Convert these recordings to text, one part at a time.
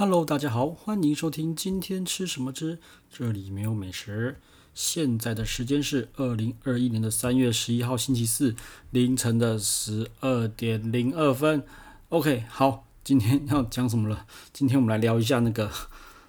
Hello，大家好，歡迎收聽今天吃什麼之這裡沒有美食。現在的時間是二零二一年的三月十一號星期四凌晨的十二點零二分。OK，好，今天要講什麼了？今天我們來聊一下那個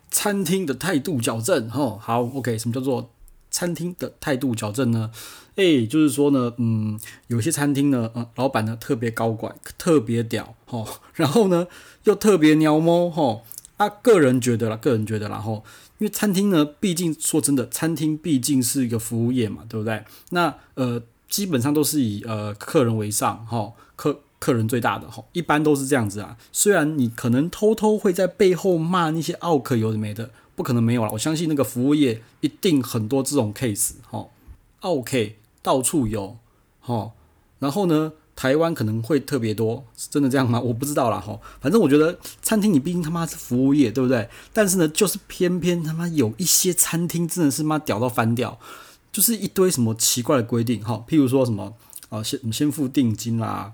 餐廳的態度矯正。吼、哦，好，OK，什麼叫做餐廳的態度矯正呢？誒，就是說呢，嗯，有些餐廳呢，嗯，老闆呢特別高管，特別屌，哦，然後呢又特別貓毛，吼、哦。他個人覺得啦，個人覺得啦，然後因為餐廳呢，畢竟說真的，餐廳畢竟是一個服務業嘛，對不對？那呃，基本上都是以呃客人為上，哈、哦，客客人最大的，哈，一般都是這樣子啊。雖然你可能偷偷會在背後罵那些奧客有的沒的，不可能沒有啦，我相信那個服務業一定很多這種 case，哈、哦，奧客到處有，哈、哦，然後呢？台灣可能會特別多，真的這樣嗎？我不知道啦，吼，反正我覺得餐廳你畢竟他媽是服務業，對不對？但是呢，就是偏偏他媽有一些餐廳真的是媽屌到翻掉，就是一堆什麼奇怪的規定，吼。譬如說什麼，呃，先先付定金啦，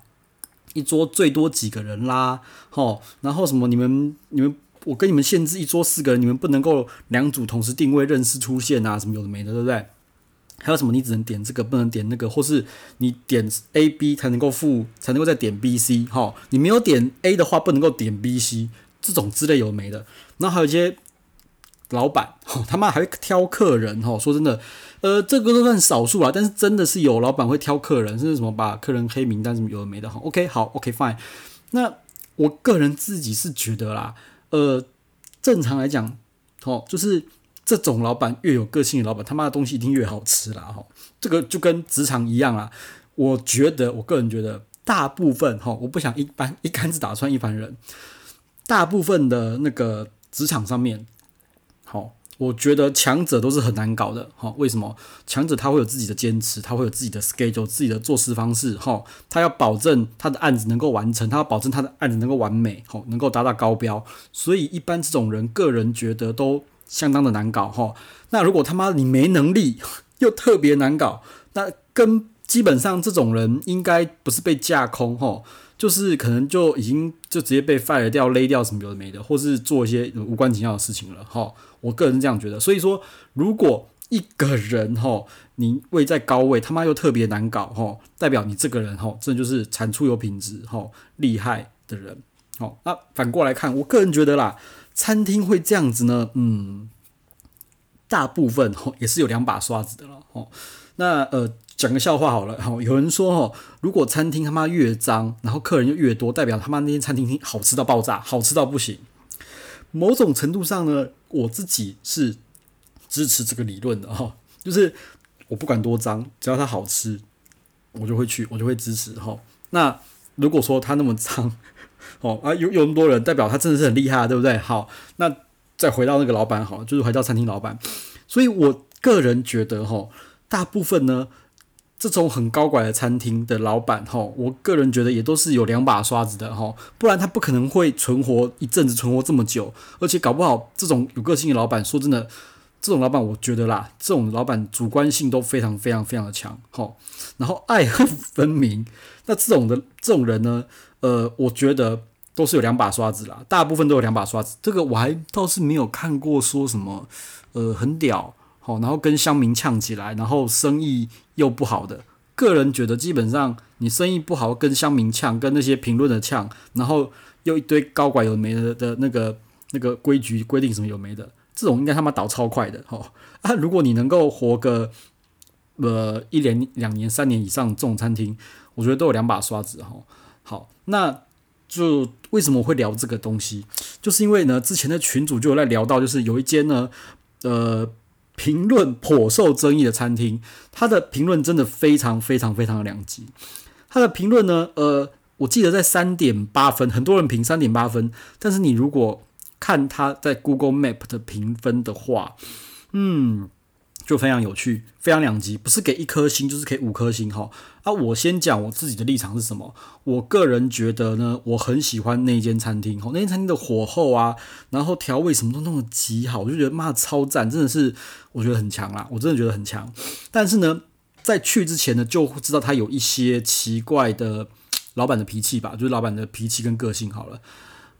一桌最多幾個人啦，吼。然後什麼，你們你們，我跟你們限制一桌四個人，你們不能夠兩組同時訂位，認識出現啊，什麼有的沒的，對不對？還有什麼？你只能點這個，不能點那個，或是你點 A、B 才能夠付，才能夠再點 B、C。哈，你沒有點 A 的話，不能夠點 B、C 這種之類有的沒的。然後還有一些老闆，哈，他們還會挑客人，哈，說真的，呃，這個都算少數啦，但是真的是有老闆會挑客人，甚至什麼把客人黑名單什麼有的沒的。哈，OK，好，OK，fine，OK。那我個人自己是覺得啦，呃，正常來講，好，就是。這種老闆越有個性的老闆，他媽的東西一定越好吃啦！哈，這個就跟職場一樣啦。我覺得，我個人覺得，大部分哈，我不想一般一竿子打穿一般人。大部分的那個職場上面，好，我覺得強者都是很難搞的。哈，為什麼？強者他會有自己的堅持，他會有自己的 schedule、自己的做事方式。哈，他要保證他的案子能夠完成，他要保證他的案子能夠完美，哈，能夠達到高標。所以，一般這種人，個人覺得都。相當的難搞哈，那如果他媽你沒能力，又特別難搞，那跟基本上這種人應該不是被架空哈，就是可能就已經就直接被 fire 掉、lay 掉什麼有的沒的，或是做一些無關緊要的事情了哈。我個人這樣覺得，所以說如果一個人哈，你位在高位，他媽又特別難搞哈，代表你這個人哈，真的就是產出有品質哈厲害的人。好，那反過來看，我個人覺得啦。餐廳會這樣子呢，嗯，大部分哦也是有兩把刷子的了哦，那呃講個笑話好了哈，有人說哦，如果餐廳他媽越髒，然後客人又越多，代表他媽那些餐廳好吃到爆炸，好吃到不行。某種程度上呢，我自己是支持這個理論的哈，就是我不管多髒，只要它好吃，我就會去，我就會支持哈。那如果說它那麼髒，哦啊，有有那麼多人，代表他真的是很厲害，對不對？好，那再回到那個老闆，好，就是回到餐廳老闆。所以我個人覺得，哈、哦，大部分呢，這種很高調的餐廳的老闆，哈、哦，我個人覺得也都是有兩把刷子的，哈、哦，不然他不可能會存活一陣子，存活這麼久。而且搞不好，這種有個性的老闆，說真的，這種老闆，我覺得啦，這種老闆主觀性都非常非常非常的強，哈、哦。然後愛恨分明，那這種的這種人呢？呃，我覺得都是有兩把刷子啦，大部分都有兩把刷子。這個我還倒是沒有看過說什麼，呃，很屌，好、哦，然後跟鄉民嗆起來，然後生意又不好的。個人覺得，基本上你生意不好，跟鄉民嗆，跟那些評論的嗆，然後又一堆高管有沒的，的那個那個規矩規定什麼有沒的，這種應該他媽倒超快的，哈、哦、啊！如果你能夠活個呃一年、兩年、三年以上這種餐廳，我覺得都有兩把刷子，哈、哦。好，那就為什麼我會聊這個東西，就是因為呢，之前的群主就有在聊到，就是有一間呢，呃，評論頗受爭議的餐廳，它的評論真的非常非常非常的兩極。它的評論呢，呃，我記得在三點八分，很多人評三點八分，但是你如果看它在 Google Map 的評分的話，嗯。就非常有趣，非常兩極，不是給一顆星，就是給五顆星哈。啊，我先講我自己的立場是什麼。我個人覺得呢，我很喜歡那間餐廳哈，那間餐廳的火候啊，然後調味什麼都弄的極好，我就覺得媽的超讚，真的是我覺得很強啦，我真的覺得很強。但是呢，在去之前呢，就知道他有一些奇怪的老闆的脾氣吧，就是老闆的脾氣跟個性好了。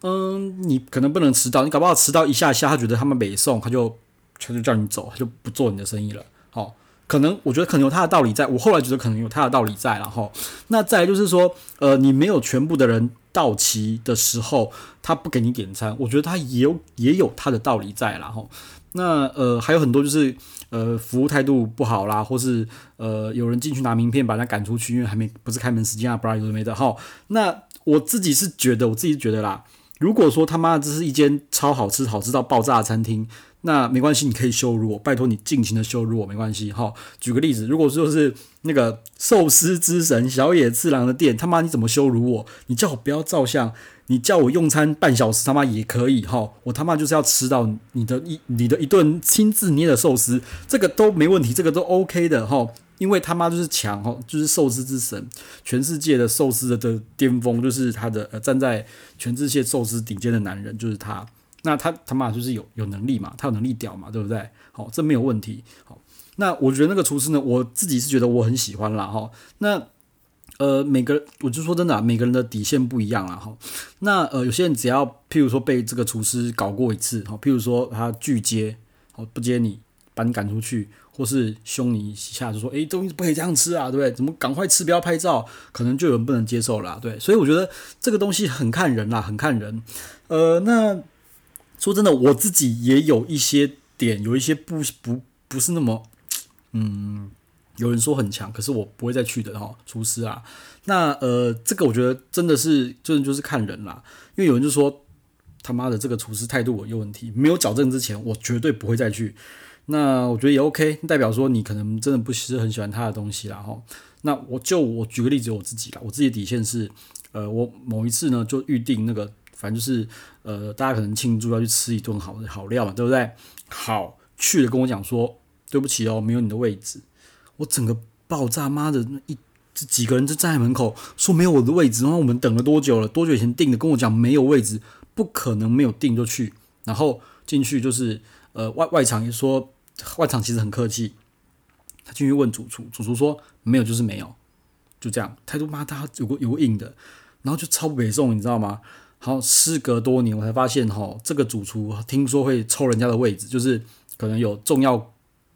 嗯，你可能不能遲到，你搞不好遲到一下下，他覺得他們沒送，他就。他就叫你走，他就不做你的生意了。好、哦，可能我覺得可能有他的道理在。我後來覺得可能有他的道理在。然、哦、後，那再來就是說，呃，你沒有全部的人到齊的時候，他不給你點餐，我覺得他也有，也有他的道理在，然後、哦、那呃，還有很多就是呃，服務態度不好啦，或是呃，有人進去拿名片把他趕出去，因為還沒，不是開門時間啊，不然有的沒的。好、哦，那我自己是覺得，我自己覺得啦，如果說他媽的這是一間超好吃、好吃到爆炸的餐廳。那沒關係，你可以羞辱我，拜托你盡情的羞辱我，沒關係哈。舉個例子，如果說是那個壽司之神小野次郎的店，他媽你怎麼羞辱我？你叫我不要照相，你叫我用餐半小時，他媽也可以哈。我他媽就是要吃到你的一你的一頓親自捏的壽司，這個都沒問題，這個都 OK 的哈。因為他媽就是強哈，就是壽司之神，全世界的壽司的巔峰就是他的，呃，站在全世界壽司頂尖的男人就是他。那他他媽就是有有能力嘛，他有能力屌嘛，對不對？好、哦，這沒有問題。好、哦，那我覺得那個廚師呢，我自己是覺得我很喜歡啦。哈、哦，那呃，每個人我就說真的、啊，每個人的底線不一樣啦。哈、哦，那呃，有些人只要譬如說被這個廚師搞過一次，哈、哦，譬如說他拒接，好、哦、不接你，把你趕出去，或是凶你一下，就說哎，東西不可以這樣吃啊，對不對？怎麼趕快吃，不要拍照，可能就有人不能接受了。對，所以我覺得這個東西很看人啦，很看人。呃，那。說真的，我自己也有一些點，有一些不不不是那麼，嗯，有人說很強，可是我不會再去的哈。廚師啊，那呃，這個我覺得真的是就是就是看人啦，因為有人就說他媽的這個廚師態度我有問題，沒有矯正之前，我絕對不會再去。那我覺得也 OK，代表說你可能真的不是很喜歡他的東西啦齁。那我就我舉個例子我自己啦，我自己，我自己的底線是，呃，我某一次呢就預定那個。反正就是，呃，大家可能慶祝要去吃一頓好好料嘛，對不對？好，去了跟我講說，對不起哦，沒有你的位置。我整個爆炸，媽的，那一這幾個人就站在門口說沒有我的位置。然後我們等了多久了？多久以前訂的？跟我講沒有位置，不可能沒有訂就去。然後進去就是，呃，外外場也說外場其實很客氣。他進去問主廚，主廚說沒有，就是沒有，就這樣態度嘛，他有個有個性的，然後就超不給送，你知道嗎？然後時隔多年，我才發現哈、哦，這個主廚聽說會抽人家的位置，就是可能有重要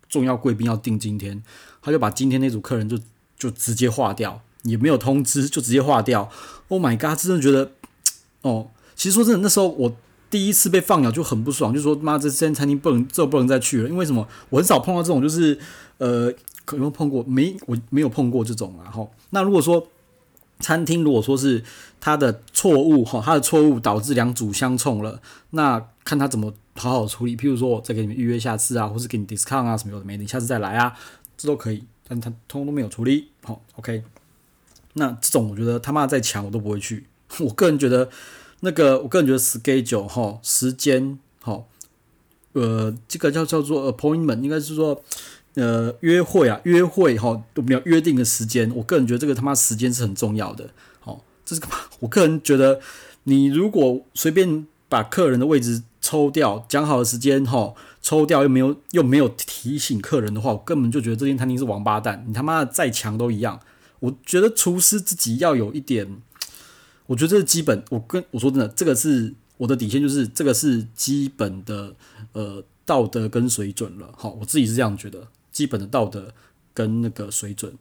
重要貴賓要訂今天，他就把今天那組客人就就直接劃掉，也沒有通知，就直接劃掉。Oh my god！真的覺得，哦，其實說真的，那時候我第一次被放鳥就很不爽，就說媽，這間餐廳不能，這不能再去了。因為什麼？我很少碰到這種，就是呃，可能碰過沒？我沒有碰過這種啊。後、哦、那如果說。餐廳如果說是他的錯誤哈，他的錯誤導致兩組相衝了，那看他怎麼好好處理。譬如說我再給你們預約下次啊，或是給你 discount 啊什麼、什麼的，沒你下次再來啊，這都可以。但他通通都沒有處理，好 OK。那這種我覺得他媽再強我都不會去。我個人覺得那個，我個人覺得 schedule 哈，時間哈，呃，這個叫叫做 appointment，應該是說。呃，約會啊，約會哈，我們要約定個時間。我個人覺得這個他媽時間是很重要的。哦，這是幹嘛？我個人覺得，你如果隨便把客人的位置抽掉，講好的時間哈、哦，抽掉又沒有又沒有提醒客人的話，我根本就覺得這間餐廳是王八蛋。你他媽的再強都一樣。我覺得廚師自己要有一點，我覺得這是基本。我跟我說真的，這個是我的底線，就是這個是基本的呃道德跟水準了。好、哦，我自己是這樣覺得。基本的道德跟那個水準，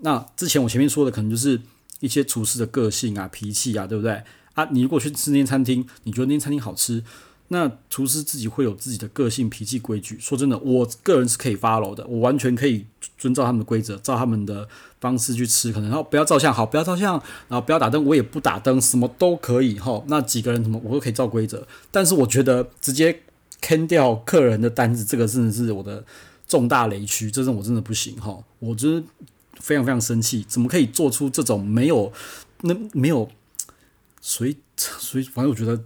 那之前我前面說的可能就是一些廚師的個性啊、脾氣啊，對不對？啊，你如果去吃那間餐廳，你覺得那間餐廳好吃，那廚師自己會有自己的個性、脾氣、規矩。說真的，我個人是可以 follow 的，我完全可以遵照他們的規則，照他們的方式去吃。可能然後不要照相，好，不要照相，然後不要打燈，我也不打燈，什麼都可以。哈，那幾個人什麼我都可以照規則，但是我覺得直接坑掉客人的單子，這個真的是我的。重大雷區，這種我真的不行哈！我就是非常非常生氣，怎麼可以做出這種沒有那沒有，所以所以反正我覺得，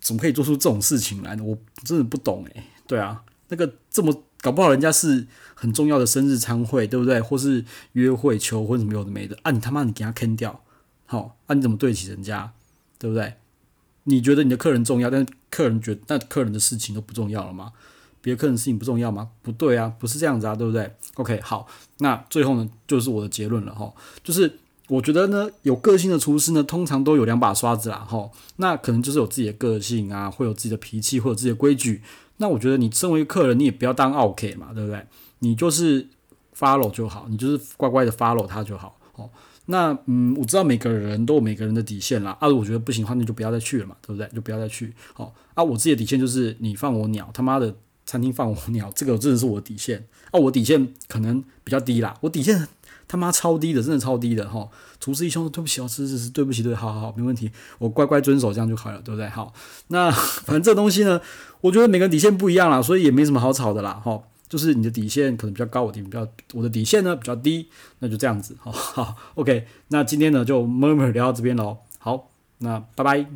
怎麼可以做出這種事情來呢？我真的不懂誒、欸，對啊，那個這麼搞，不好人家是很重要的生日餐會，對不對？或是約會、求婚什麼有的沒的啊？你他媽你給他坑掉，好、啊、那你怎麼對得起人家？對不對？你覺得你的客人重要，但客人覺那客人的事情都不重要了嗎？別的客人事情不重要嗎？不對啊，不是這樣子啊，對不對？OK，好，那最後呢，就是我的結論了哈，就是我覺得呢，有個性的廚師呢，通常都有兩把刷子啦哈，那可能就是有自己的個性啊，會有自己的脾氣，會有自己的規矩。那我覺得你身為客人，你也不要當 OK 嘛，對不對？你就是 follow 就好，你就是乖乖的 follow 他就好哦。那嗯，我知道每個人都有每個人的底線啦，啊，如果覺得不行的話，那就不要再去了嘛，對不對？就不要再去。哦，啊，我自己的底線就是你放我鳥，他媽的！餐廳放我鳥，這個真的是我的底線哦、啊。我底線可能比較低啦，我底線他媽超低的，真的超低的哈。廚師一兄，對不起哦，是是是，對不起，對不起，對，好好好，沒問題，我乖乖遵守，這樣就好了，對不對？好，那反正這東西呢，我覺得每個底線不一樣啦，所以也沒什麼好吵的啦，好，就是你的底線可能比較高，我底比較，我的底線呢比較低，那就這樣子哈。OK，那今天呢就 murmur 聊到這邊嘍，好，那拜拜。